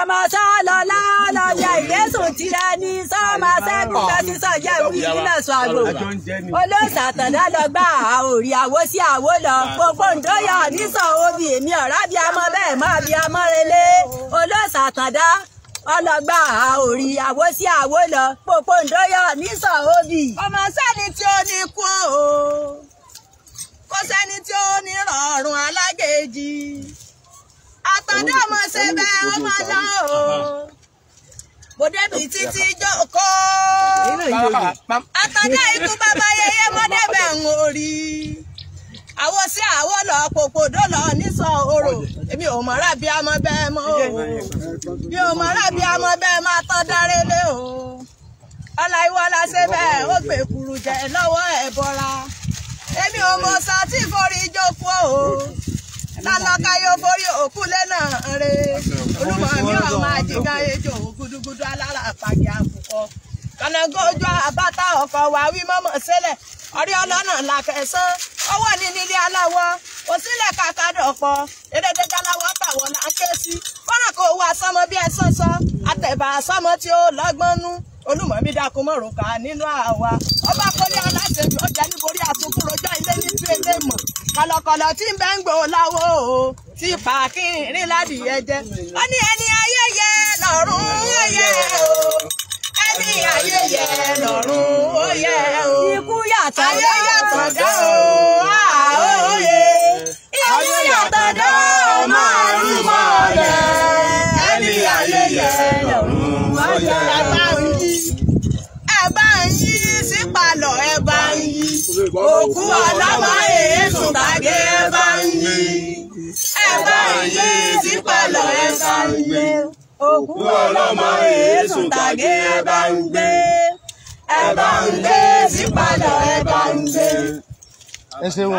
ọmọ sọlọlá lọyẹ ìyẹsù tirẹ̀ ní sọmọ sẹkùn bẹsí sọjẹ ìwúrí nílẹ sọ àgbò olóòsà tàdá lọ gbà àwòrí àwo sí àwo lọ gbogbo ǹdọyọ nísọ obì èmi ọ̀rá bíi amọ bẹ́ẹ̀ mọ́ bíi amọ relé olóòsà tàdá ọlọgbà àwòrí àwo sí àwo lọ gbogbo ǹdọyọ nísọ obì. ọmọ sẹ́ni tí ó ní kú o kò sẹ́ni tí ó ní rọrùn alágéjì ọmọdé ọmọ ṣe bẹ́ẹ̀ ọmọ lọ o mo débi títí jókòó àtọ́jà ikú bàbá yẹyẹ mo débẹ̀ ń orí àwọn sí àwọn lọ pòpòdó lọ nísàn orò èmi ò mọ̀ra bí ọmọ bẹ́ẹ̀ mọ́ o mi ò mọ̀ra bí ọmọ bẹ́ẹ̀ máa tán dárélé o ọláìwọlá ṣe bẹ́ẹ̀ ó gbé kúrú jẹ lọ́wọ́ ẹ̀ bọ́ra èmi ò mọ̀ sá tí forí jókòó o. lálọ́ka yóò borí òkú lẹ́nà rẹ̀ olúmọ mi ò máa ejò gudugudu alára àpàgì àkùkọ ojú àbáta ọkọ̀ wà wí mọ́mọ́ sílẹ̀ ọlọ́nà ọwọ́ nílé kò sílẹ̀ kàkàdọ̀ là ń ké sí fọ́nà kò wá sọmọ bí àtẹ̀bà sọmọ tí ó lọ́gbọ́n nú mọ̀rùn ká nínú kọ̀lọ̀kọ̀lọ̀ tí ń bẹ́ ń gbò láwo o ti pa kí n rí ládìyẹ jẹ ó ní ẹni ayẹyẹ lọ́rùn ó yẹ o ẹni ayẹyẹ lọ́rùn ó yẹ o ikú yàtọ̀ dá o ó yẹ ikú yàtọ̀ dá o máa rú mọ́lẹ̀ ẹni ayẹyẹ lọ́rùn ó yẹ o ẹ bá ń yí sípàlọ̀ ẹ bá ń yí òkú ọlọ́wọ́ àgé ẹ bá ń yí ẹ bá ń yí òkú ọlọ́mọ èésùn tàgé ẹ gbé ẹ gbé sípàlọ́ ẹ bá gbé.